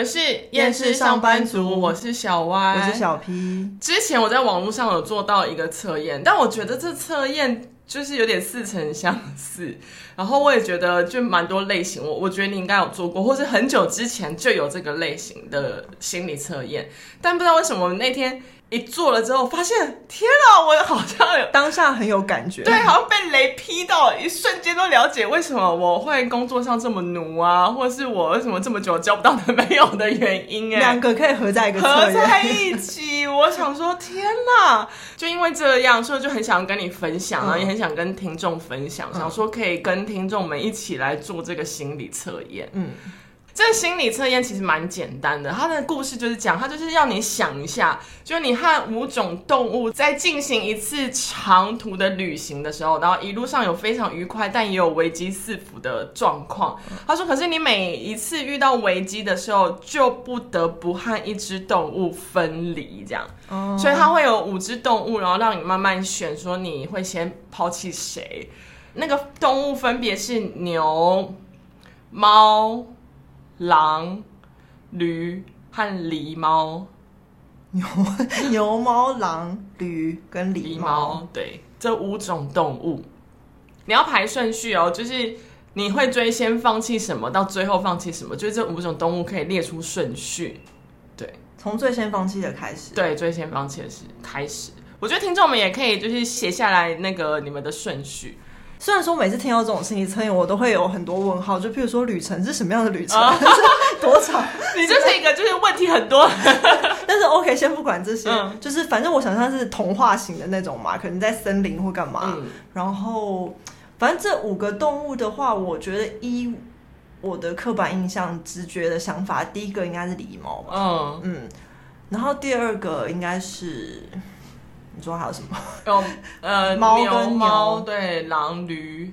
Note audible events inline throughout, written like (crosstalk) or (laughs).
我是厭世上班族，我是小 Y，我是小 P。之前我在網絡上有做到一個測驗，但我覺得這測驗就是有點似曾相識。然後我也覺得就蠻多類型，我我覺得你應該有做過，或是很久之前就有這個類型的心理測驗，但不知道為什麼那天。一做了之後，發現天吶，我好像有當下很有感覺，對，好像被雷劈到，一瞬間都了解，為什麼我會工作上這麼奴啊，或是我為什麼這麼久交不到男朋友的原因，欸。誒兩個可以合在一個合在一起，我想說天吶 (laughs) 就因為這樣，所以就很想跟你分享啊，嗯、也很想跟聽眾分享，嗯、想說可以跟聽眾們一起來做這個心理測驗，嗯。這心理測驗其實蠻簡單的，他的故事就是講，他就是要你想一下，就是你和五種動物在進行一次長途的旅行的時候，然後一路上有非常愉快，但也有危機四伏的狀況。他說，可是你每一次遇到危機的時候，就不得不和一隻動物分離，這樣，oh. 所以它會有五隻動物，然後讓你慢慢選，說你會先拋棄誰？那個動物分別是牛、貓。狼、驢和狸貓，牛牛貓、狼、驢跟狸貓，狸貓，對，這五種動物，你要排順序哦，就是你會最先放棄什麼，到最後放棄什麼，就是這五種動物可以列出順序，對，從最先放棄的開始，對，最先放棄的是開始，我覺得聽眾們也可以就是寫下來那個你們的順序。雖然說每次聽到這種心理測驗，我都會有很多問號。就譬如說旅程是什麼樣的旅程，多長？你就是一個就是問題很多。 (laughs) (laughs) 但是 OK，先不管這些，嗯、就是反正我想象是童話型的那種嘛，可能在森林或幹嘛。嗯、然後，反正這五個動物的話，我覺得依我的刻板印象、直覺的想法，第一個應該是狸貓吧。嗯嗯，然後第二個應該是。你說還有什麼？有，呃，貓跟貓對，狼驢。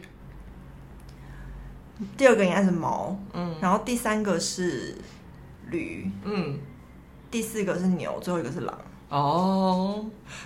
第二個應該是貓，嗯，然後第三個是驢，嗯，第四個是牛，最後一個是狼。哦，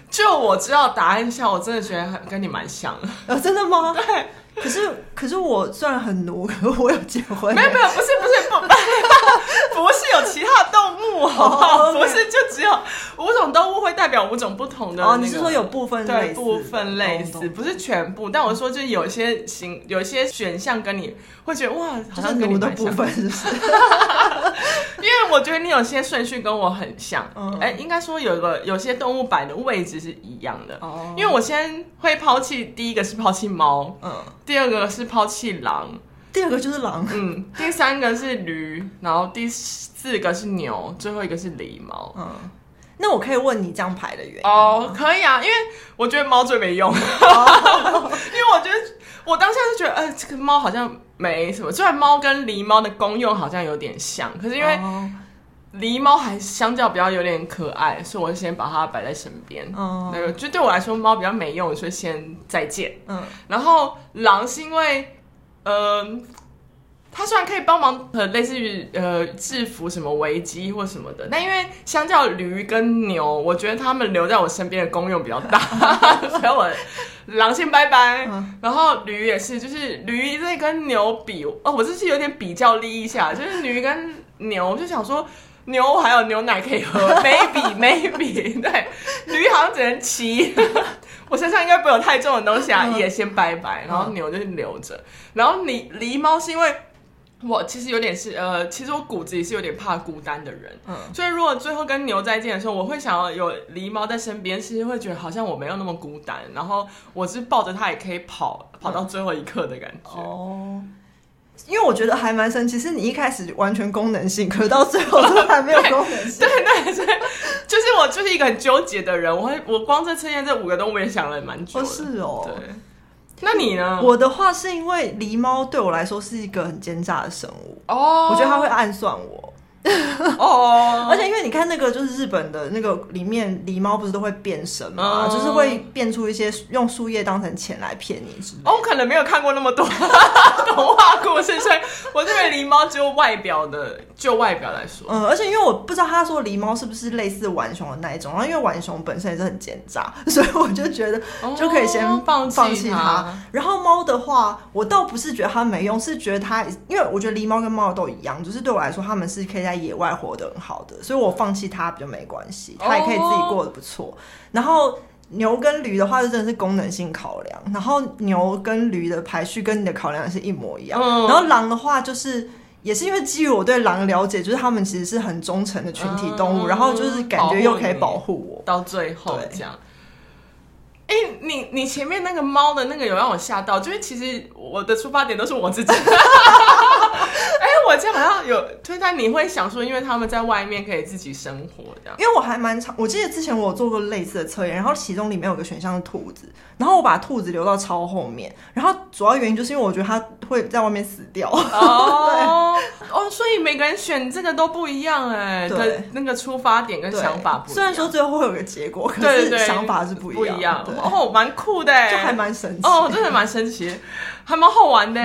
就我知道答案一下，我真的覺得很，跟你蠻像的。哦，真的嗎？對。可是，可是我雖然很奴，可是我有結婚。沒有，沒有，不是，不是。 (laughs) 不是有其他動物哦、喔，oh, okay. 不是就只有五種動物會代表五種不同的、那個。哦，oh, 你是說有部分部分類似，動動不是全部。動動但我說就是有些形，有些選項跟你會覺得哇，好像跟我的部分是，不是。 (laughs) 因為我覺得你有些順序跟我很像。哎、uh huh. 欸，應該說有個有些動物擺的位置是一樣的。哦、uh。Huh. 因為我先會拋棄第一個是拋棄貓，嗯、uh，huh. 第二個是拋棄狼。第二個就是狼，嗯，第三個是驢，然後第四個是牛，最後一個是狸貓。嗯，那我可以問你這樣排的原因？哦，oh, 可以啊，因為我覺得貓最沒用， (laughs) oh. 因為我覺得我當下就覺得，呃，這個貓好像沒什麼。雖然貓跟狸貓的功用好像有點像，可是因為狸貓還相較比較有點可愛，所以我就先把它擺在身邊。哦、oh. 那就對我來說貓比較沒用，所以先再見。嗯，oh. 然後狼是因為。呃，他雖然可以幫忙，呃，類似於呃，制服什麼危機或什麼的，但因為相較驢跟牛，我覺得他們留在我身邊的功用比較大， (laughs) (laughs) 所以我狼先拜拜，嗯、然後驢也是，就是驢在跟牛比，哦，我這是，是有點比較利一下，就是驢跟牛，我就想說牛還有牛奶可以喝 (laughs) ，maybe maybe， (laughs) 對，驢好像只能騎。 (laughs) 我身上應該沒有太重的東西啊，嗯、也先拜拜，嗯、然後牛就留着。嗯、然後你狸貓是因為我其實有點是呃，其實我骨子裡是有點怕孤單的人，嗯，所以如果最後跟牛再見的時候，我會想要有狸貓在身邊，其實會覺得好像我沒有那麼孤單。然後我是抱着它也可以跑，嗯、跑到最後一刻的感覺。哦，因為我覺得還蠻神奇，其實你一開始完全功能性，可到最後都還沒有功能性，對對、哦、對。對對對 (laughs) 就是我就是一個很糾結的人，我還我光這測驗這五個動物，也想了蠻久的。不、哦、是哦，對，那你呢？我的話是因為狸貓對我來說是一個很奸詐的生物哦，我覺得它會暗算我。哦， (laughs) oh, 而且因為你看那個就是日本的那個裡面狸貓不是都會變神嘛，oh, 就是會變出一些用樹葉當成錢來騙你是是。我、oh, 可能沒有看過那麼多童話故事， (laughs) 所以我認為狸貓只有外表的 (laughs) 就外表來說，嗯，而且因為我不知道他說狸貓是不是類似浣熊的那一種，然、啊、後因為浣熊本身也是很奸詐，所以我就覺得就可以先放、oh, 放棄它。然後貓的話，我倒不是覺得它沒用，是覺得它因為我覺得狸貓跟貓都一樣，就是對我來說它們是可以在。在野外活得很好的，所以我放棄它比較沒關係，它也可以自己過得不錯。Oh. 然後牛跟驢的話，就真的是功能性考量。然後牛跟驢的排序跟你的考量也是一模一樣。Oh. 然後狼的話，就是也是因為基於我對狼了解，就是他們其實是很忠誠的群體動物，oh. 然後就是感覺又可以保護我、oh, yeah. 到最後這樣。哎對、欸，你你前面那個貓的那個有讓我嚇到，因、就、為、是、其實我的出發點都是我自己。 (laughs) 哎、欸，我家好像有，推。但你會想說，因為他們在外面可以自己生活，這樣。因為我還蠻長，我記得之前我有做過類似的測驗，然後其中裡面有個選項是兔子，然後我把兔子留到超後面，然後主要原因就是因為我覺得它會在外面死掉。哦。對哦，所以每個人選這個都不一樣哎，對，那個出發點跟想法不一樣。雖然說最後會有個結果，可是想法是不一樣。不一樣。對哦，蠻酷的，就還蠻神奇。哦，真的蠻神奇，還蠻好玩的。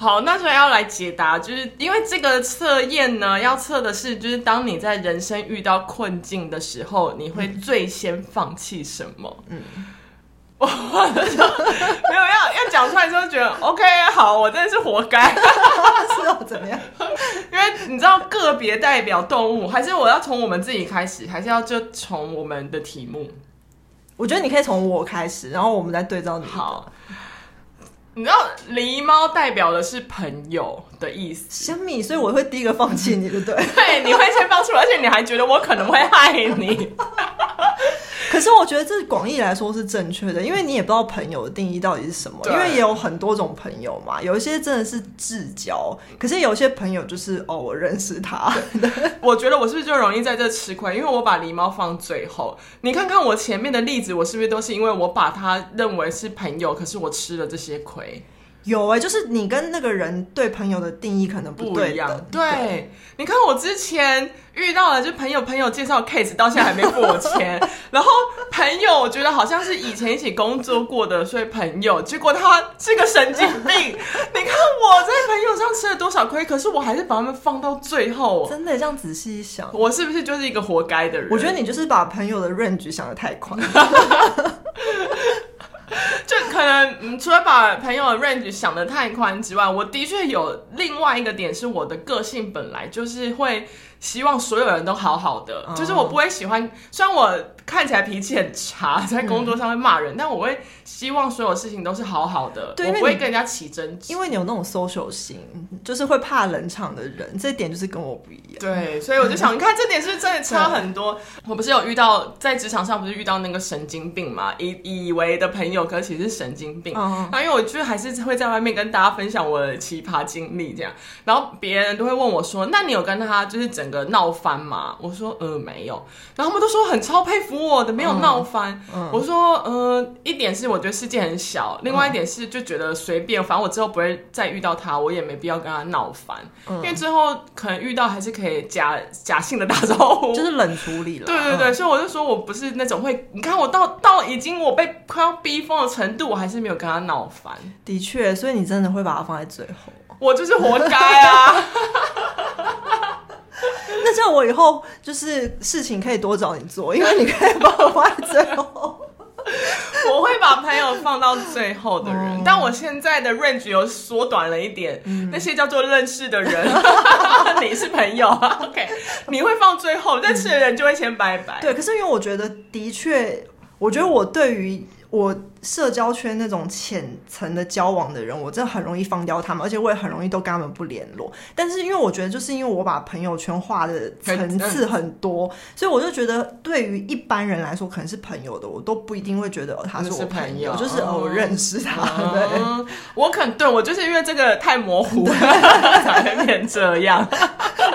好，那就要來解答，就是因為這個測驗呢，要測的是，就是當你在人生遇到困境的時候，嗯、你會最先放棄什麼？嗯，我的時候沒有要要講出來，之後覺得 (laughs) OK，好，我真的是活該， (laughs) 是或、哦、怎麼樣？因為你知道個別代表動物，還是我要從我們自己開始，還是要就從我們的題目？我覺得你可以從我開始，然後我們再對照你。好。你知道狸貓代表的是朋友，的意思，親密，所以我會第一個放棄你，對不對？ (laughs) 對，你會先放出來，而且你還覺得我可能會害你。 (laughs) (laughs) 可是我覺得這廣義來說是正確的，因為你也不知道朋友的定義到底是什麼，對因為也有很多種朋友嘛。有一些真的是至交，可是有些朋友就是哦，我認識他。對 (laughs) 我覺得我是不是就容易在這吃虧？因為我把禮貌放最後，你看看我前面的例子，我是不是都是因為我把他認為是朋友，可是我吃了這些虧。有哎、欸，就是你跟那個人對朋友的定義可能不，不一樣。對，對，你看我之前遇到了，就是朋友朋友介紹 case，到現在還沒付我錢。 (laughs) 然後朋友，我覺得好像是以前一起工作過的，所以朋友，結果他是個神經病。 (laughs) 你看我在朋友上吃了多少虧，可是我還是把他們放到最後。真的，這樣仔細一想，我是不是就是一個活該的人？我覺得你就是把朋友的認知想得太寬。 (laughs) 就可能，嗯，除了把朋友的 range 想得太寬之外，我的確有另外一個點，是我的個性本來就是會，希望所有人都好好的，嗯、就是我不會喜歡。雖然我看起來脾氣很差，在工作上會罵人，嗯、但我會希望所有事情都是好好的。對，我不會跟人家起爭執。因為你有那種 social 型，就是會怕冷場的人，這一點就是跟我不一樣。對，所以我就想，嗯、看，這點是不是真的差很多？對，我不是有遇到在職場上，不是遇到那個神經病嘛？以以為的朋友，可其實是神經病。然後、嗯啊、因為我就還是會在外面跟大家分享我的奇葩經歷，這樣，然後別人都會問我說：“那你有跟他就是整？”鬧翻嘛？我說呃沒有，然後他們都說很超佩服我的，沒有鬧翻。嗯嗯、我說呃，一點是我覺得世界很小，另外一點是就覺得隨便，嗯、反正我之後不會再遇到他，我也沒必要跟他鬧翻，嗯、因為之後可能遇到還是可以假假性的打招呼，就是冷處理了。對對對，嗯、所以我就說我不是那種會，你看我到到已經我被快要逼瘋的程度，我還是沒有跟他鬧翻。的確，所以你真的會把他放在最後，啊，我就是活該啊。 (laughs) 但這樣我以後就是事情可以多找你做，因為你可以幫我畫最後。 (laughs) 我會把朋友放到最後的人。嗯、但我現在的 range 有縮短了一點，嗯、那些叫做認識的人， (laughs) (laughs) 你是朋友，OK？你會放最後，認識的人就會先拜拜。對，可是因為我覺得的確，我覺得我對於。我社交圈那種淺層的交往的人，我真的很容易放掉他們，而且我也很容易都跟他們不聯絡。但是因為我覺得，就是因為我把朋友圈畫的層次很多，所以我就覺得，對於一般人來說，可能是朋友的，我都不一定會覺得，哦，他是我朋友，嗯，就是，嗯哦，我認識他。對，我肯，對，我就是因為這個太模糊了，對， (laughs) 才會變這樣，對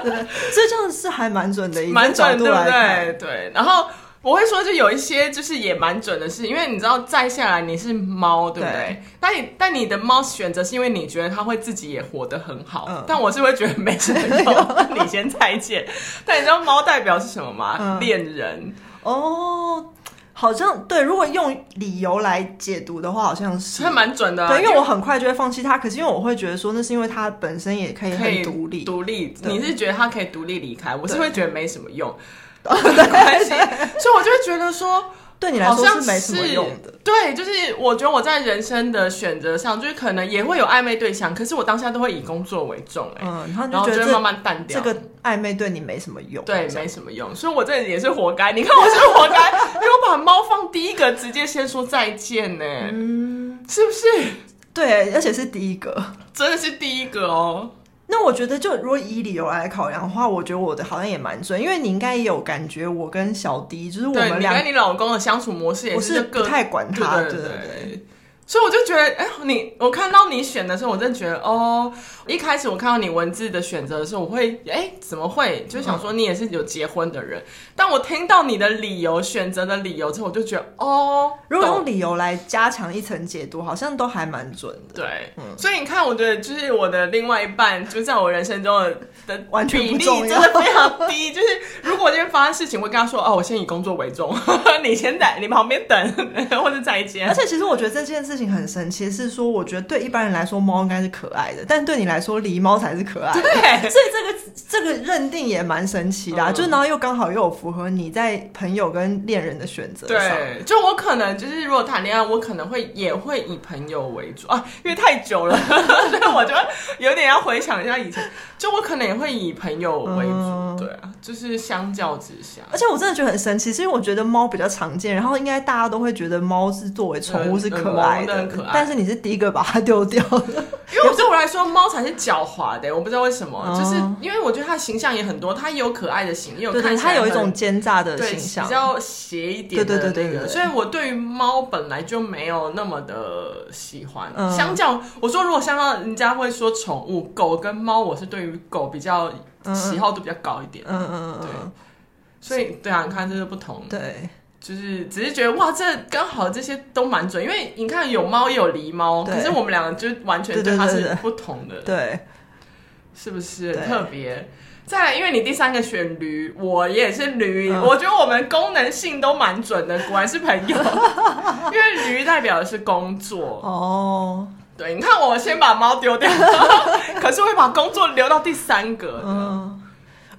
對對。所以這樣是還蠻準的，蠻準，對，對對，對，然後。我會說，就有一些就是也蠻準的事，事因為你知道，再下來你是貓，對不對？對但但你的貓選擇是因為你覺得它會自己也活得很好，嗯、但我是會覺得沒什麼用。 (laughs) 有 (laughs) 你先再見 (laughs) 但你知道貓代表是什麼嗎？戀、嗯、人哦，oh, 好像對。如果用理由來解讀的話，好像是還蠻準的、啊。對，因為我很快就會放棄它，可是因為我會覺得說，那是因為它本身也可以獨可以獨立獨立。對你是覺得它可以獨立離開？對我是會覺得沒什麼用。對， (laughs) 所以我就覺得說，對你來說是沒什麼用的。對，就是我覺得我在人生的選擇上，就是可能也會有曖昧對象，可是我當下都會以工作為重，哎，嗯，然後就覺得就會慢慢淡掉。這個曖昧對你沒什麼用，欸，對，這樣子沒什麼用。所以，我這也是活該。你看，我是活該， (laughs) 因為我把貓放第一個，直接先說再見呢，欸，是不是？對，欸，而且是第一個，真的是第一個哦，喔。那我覺得，就如果以理由來考量的話，我覺得我的好像也蠻準，因為你應該也有感覺，我跟小迪就是我們兩個，你跟你老公的相處模式也是，是不太管他的。所以我就覺得，哎、欸，你我看到你選的時候，我真的覺得哦，一開始我看到你文字的選擇的時候，我會哎、欸，怎麼會？就想說你也是有結婚的人。嗯、但我聽到你的理由，選擇的理由之後，我就覺得哦，如果用理由來加強一層解讀，好像都還蠻準的。對，嗯、所以你看，我覺得就是我的另外一半，就在我人生中的比例，完全不重要，真的非常低。就是如果我今天發生事情，我會跟他說：“哦、啊，我先以工作為重，呵呵你先在你們旁邊等，呵呵或者再見。”而且其實我覺得這件事情。很神奇，是說我覺得對一般人來說，貓應該是可愛的，但對你來說，狸貓才是可愛的。對，所以這個這個認定也蠻神奇的，啊，嗯、就然後又剛好又有符合你在朋友跟戀人的選擇。對，就我可能就是如果談戀愛，我可能會也會以朋友為主啊，因為太久了，所以 (laughs) (laughs) 我覺得有點要回想一下以前。就我可能也會以朋友為主，嗯、對啊，就是相較之下，而且我真的覺得很神奇，是因為我覺得貓比較常見，然後應該大家都會覺得貓是作為寵物是可愛的。很可愛，但是你是第一個把它丟掉的。因為對我來說，貓 (laughs) 才是狡猾的、欸。我不知道為什麼，嗯、就是因為我覺得它的形象也很多，它也有可愛的形，也有看起來很，對對對，它有一種奸詐的形象，比較邪一點的、那個。對對對，對對對對，所以我對於貓本來就沒有那麼的喜歡。嗯、相較，我說如果相較，人家會說寵物狗跟貓，我是對於狗比較喜好度比較高一點。嗯嗯嗯，對。所以，對啊，你看這、就是不同。對。就是只是覺得哇，這剛好這些都蠻準，因為你看有貓也有狸貓，對可是我們兩個就完全對它是不同的，對，對，對，對，是不是對特別？再來，因為你第三個選驢，我也，也是驢，嗯、我覺得我們功能性都蠻準的，果然是朋友。因為驢代表的是工作哦，對，你看我先把貓丟掉，可是我會把工作留到第三格，嗯，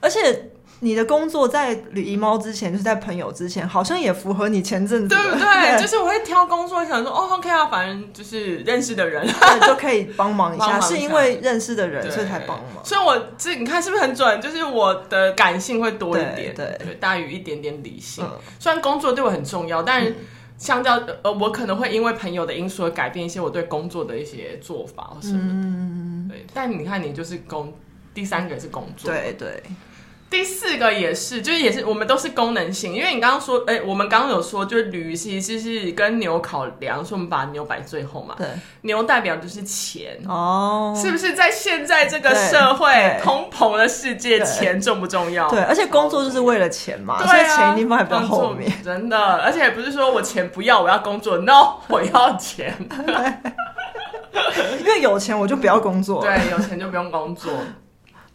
而且。你的工作在驢、貓之前，就是在朋友之前，好像也符合你前陣子，對不對？就是我會挑工作，想說哦，OK 啊，反正就是認識的人就可以幫忙一下。是因為認識的人，所以才幫忙。所以我這你看是不是很準？就是我的感性會多一點，對對，大於一點點理性。雖然工作對我很重要，但相較呃，我可能會因為朋友的因素而改變一些我對工作的一些做法或什麼。嗯，對。但你看，你就是工，第三個是工作，對對。第四個也是，就是也是我們都是功能性，因為你剛剛說，哎，我們剛剛有說，就是驢其實是跟牛考量，說我們把牛擺最後嘛。對，牛代表就是錢哦，是不是在現在這個社會通膨的世界，錢重不重要？對，而且工作就是為了錢嘛，對啊，所以錢一定放後面。真的，而且不是說我錢不要，我要工作，no，我要錢。因為有錢我就不要工作，對，有錢就不用工作。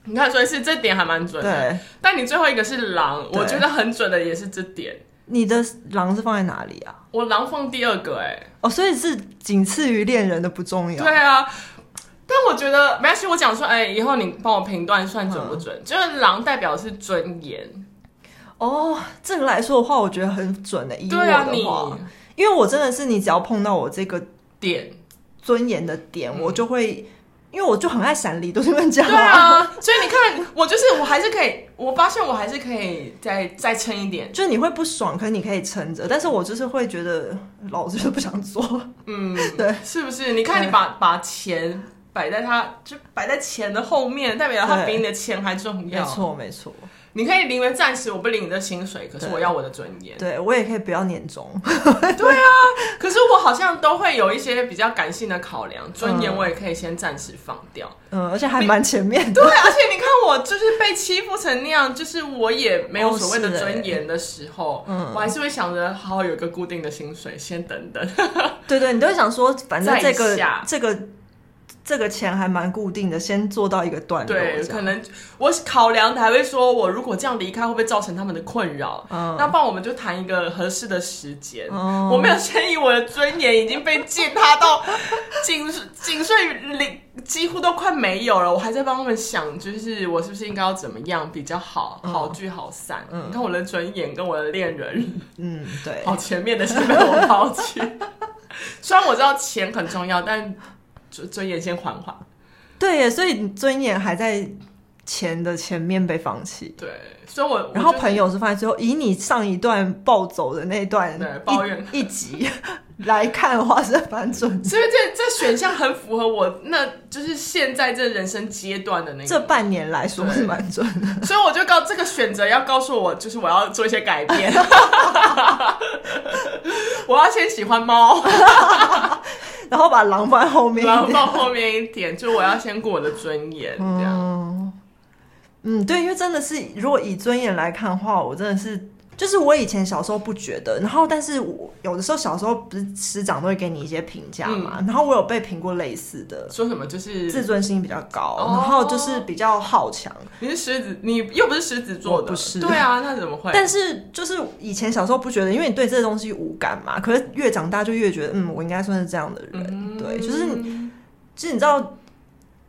你看，所以是這點還蠻準的。對，但你最後一個是狼，我覺得很準的也是這點。你的狼是放在哪裡啊？我狼放第二個哎、欸。哦，所以是僅次於戀人的不重要。對啊，但我覺得沒關係。我講說，哎、欸，以後你幫我評斷算準不準？嗯、就是狼代表是尊嚴。哦，這個來說的話，我覺得很準的、欸。對啊，你，因為我真的是，你只要碰到我這個點，尊嚴的點，點嗯、我就會。因為我就很愛閃離，都是因為這樣。對啊，所以你看，我就是我還是可以，我發現我還是可以再再撐一點，就是你會不爽，可是你可以撐着。但是我就是會覺得，老子就不想做。嗯，對，是不是？你看，你把對把錢。擺在他就擺在錢的後面，代表他比你的錢還重要。沒錯，沒錯。沒，你可以寧願暫時我不領你的薪水，可是我要我的尊嚴。對我也可以不要年終。 (laughs) 對啊，可是我好像都會有一些比較感性的考量，尊嚴我也可以先暫時放掉。嗯，而且還蠻前面的。對，而且你看我就是被欺負成那樣，就是我也沒有所謂的尊嚴的時候，哦欸、嗯，我還是會想着好好有個固定的薪水，先等等。 (laughs) 對，對，對，對你都會想說，反正這個這個。這個錢還蠻固定的，先做到一個段落。對，樣可能我考量的還會說，我如果這樣離開，會不會造成他們的困擾？嗯、那不然我們就談一個合適的時間。嗯、我沒有尊嚴，我的尊嚴已經被踐踏到僅僅剩零，幾乎都快沒有了。我還在幫他們想，就是我是不是應該要怎麼樣比較好、嗯、好聚好散？嗯、你看我的尊嚴跟我的戀人，嗯，對，好、哦、前面的是被我拋棄。 (laughs) 雖然我知道錢很重要，但。尊尊嚴先緩緩，對耶，所以尊嚴還在前的前面被放棄。對，所以我，我、就是、然後朋友是放在最後。以你上一段暴走的那一段一，抱怨一集來看，的話是蠻準的。所以這這選項很符合我，那就是現在這人生階段的那個。這半年來說是蠻準的。所以我就告這個選擇要告訴我，就是我要做一些改變。 (laughs) (laughs) 我要先喜歡貓。 (laughs) 然後把狼放後面，狼放後面一點，一點 (laughs) 就我要先顧我的尊嚴，這樣。嗯，對，因為真的是，如果以尊嚴來看的話，我真的是。就是我以前小時候不覺得，然後但是我有的時候小時候不是師長都會給你一些評價嘛，嗯、然後我有被評過類似的，說什麼就是自尊心比較高，哦、然後就是比較好強。你是獅子，你又不是獅子座的，不是？對啊，那怎麼會？但是就是以前小時候不覺得，因為你對這些東西無感嘛。可是越長大就越覺得，嗯，我應該算是這樣的人，嗯、對，就是，其實你知道。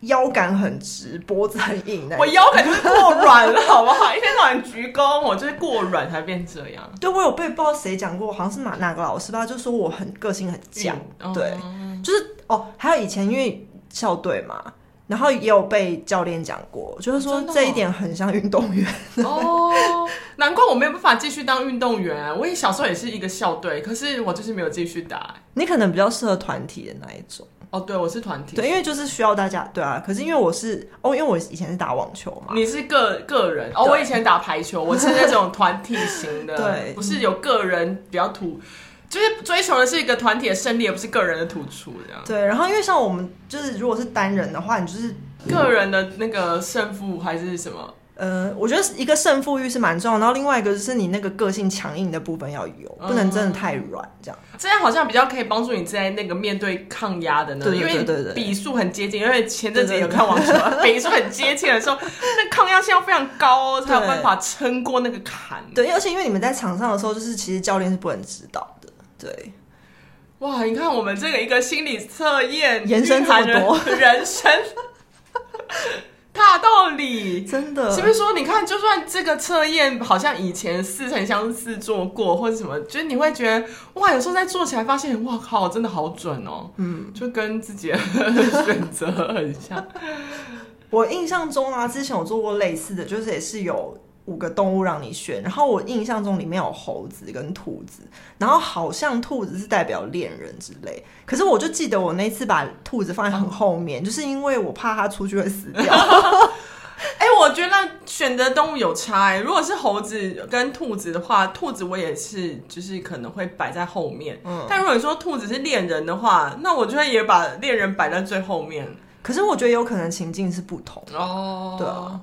腰桿很直，脖子很硬。我腰桿就是過軟了， (laughs) 好不好？一天到晚鞠躬，我就是過軟才變這樣。對，我有被不知道誰講過，好像是哪哪個老師吧，就說我很個性很犟。運對，哦、就是哦。還有以前因為校隊嘛，然後也有被教練講過，就是說這一點很像運動員。啊、哦， (laughs) 哦，難怪我沒有辦法繼續當運動員，啊。我也小時候也是一個校隊，可是我就是沒有繼續打。你可能比較適合團體的那一種。哦，oh, 對，我是團體。對，因為就是需要大家，對啊。可是因為我是，哦，因為我以前是打網球嘛。你是個個人對哦，我以前打排球，我是那種團體型的， (laughs) 對，不是有個人比較突，就是追求的是一個團體的勝利，而不是個人的突出這樣。對，然後因為像我們就是，如果是單人的話，你就是個人的那個勝負還是什麼？呃，我覺得一個勝負慾是蠻重要的，然後另外一個就是你那個個性強硬的部分要有，嗯、不能真的太軟，這樣這樣好像比較可以幫助你。在那個面對抗壓的那個，因為比數很接近，因為前陣子有看網球，比數很接近的時候， (laughs) 那抗壓性要非常高哦，對才有辦法撐過那個坎。對，而且因為你們在場上的時候，就是其實教練是不能指導的。對，哇，你看我們這個一個心理測驗延伸這麼多人，人生。 (laughs) 大道理，真的，是不是說，你看，就算這個測驗好像以前似曾相識做過，或者什麼，就是你會覺得哇，有時候在做起來發現哇靠，真的好準哦，喔，嗯，就跟自己的選擇很像。 (laughs) 我印象中啊，之前有做過類似的，就是也是有。五個動物讓你選，然後我印象中裡面有猴子跟兔子，然後好像兔子是代表戀人之類。可是我就記得我那次把兔子放在很後面，嗯、就是因為我怕它出去會死掉。哎、 (laughs) 欸，我覺得那選擇動物有差、欸、如果是猴子跟兔子的話，兔子我也是，就是可能會擺在後面。嗯，但如果說兔子是戀人的話，那我覺得也把戀人擺在最後面。可是我覺得有可能情境是不同的哦。對啊。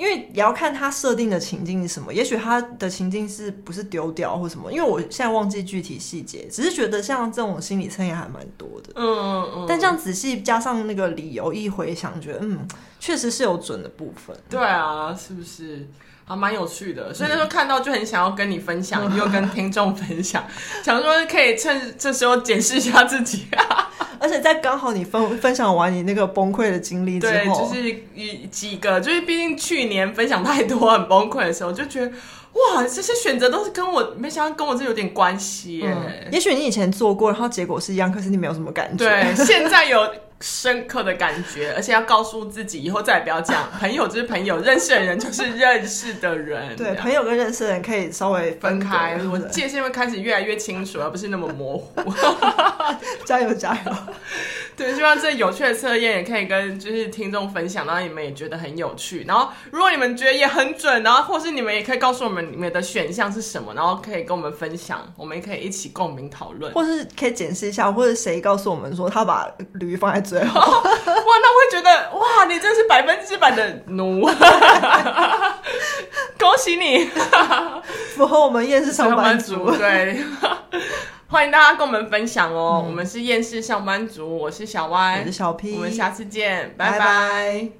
因為也要看他設定的情境是什麼，也許他的情境是不是丟掉或什麼？因為我現在忘記具體細節，只是覺得像這種心理測驗還蠻多的。嗯嗯嗯。嗯，但這樣仔細加上那個理由一回想，覺得嗯，確實是有準的部分。對啊，是不是？還、啊、蠻有趣的。所以那時候看到就很想要跟你分享，嗯、又跟聽眾分享， (laughs) 想說可以趁這時候解釋一下自己、啊。而且在剛好你分分享完你那個崩潰的經歷之後，對，就是一幾個，就是畢竟去年分享太多，很崩潰的時候，我就覺得哇，這些選擇都是跟我沒想到跟我這有點關係耶。嗯，也許你以前做過，然後結果是一樣，可是你沒有什麼感覺。對，現在有深刻的感覺， (laughs) 而且要告訴自己，以後再也不要講朋友就是朋友，認識的人就是認識的人。對，朋友跟認識的人可以稍微分,分開，是不是我界限會開始越來越清楚，而不是那麼模糊。 (laughs) 加油加油！加油 (laughs) 對，希望這有趣的測驗也可以跟就是聽眾分享，然後你們也覺得很有趣。然後如果你們覺得也很準，然後或是你們也可以告訴我們你們的選項是什麼，然後可以跟我們分享，我們也可以一起共鳴討論，或是可以解釋一下，或者誰告訴我們說他把驢放在最後？ (laughs) 哇，那會覺得哇，你真是百分之百的奴， (laughs) (laughs) 恭喜你，符 (laughs) 合我們厭世上班族對。 (laughs) 歡迎大家跟我們分享哦，嗯，我們是厭世上班族，我是小 Y，我是小 P，我們下次見，拜拜。拜拜。